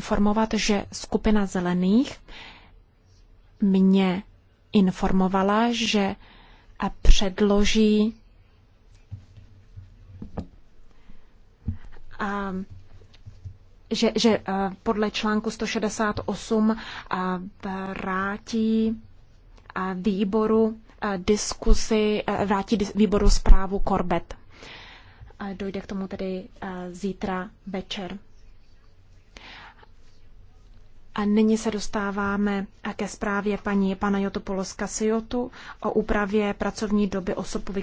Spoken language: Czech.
informovat, že skupina zelených mě informovala, že předloží a že, že podle článku 168 vrátí výboru diskusy, vrátí výboru zprávu Korbet. Dojde k tomu tedy zítra večer. A nyní se dostáváme ke zprávě paní pana Jotopoloska Siotu o úpravě pracovní doby osob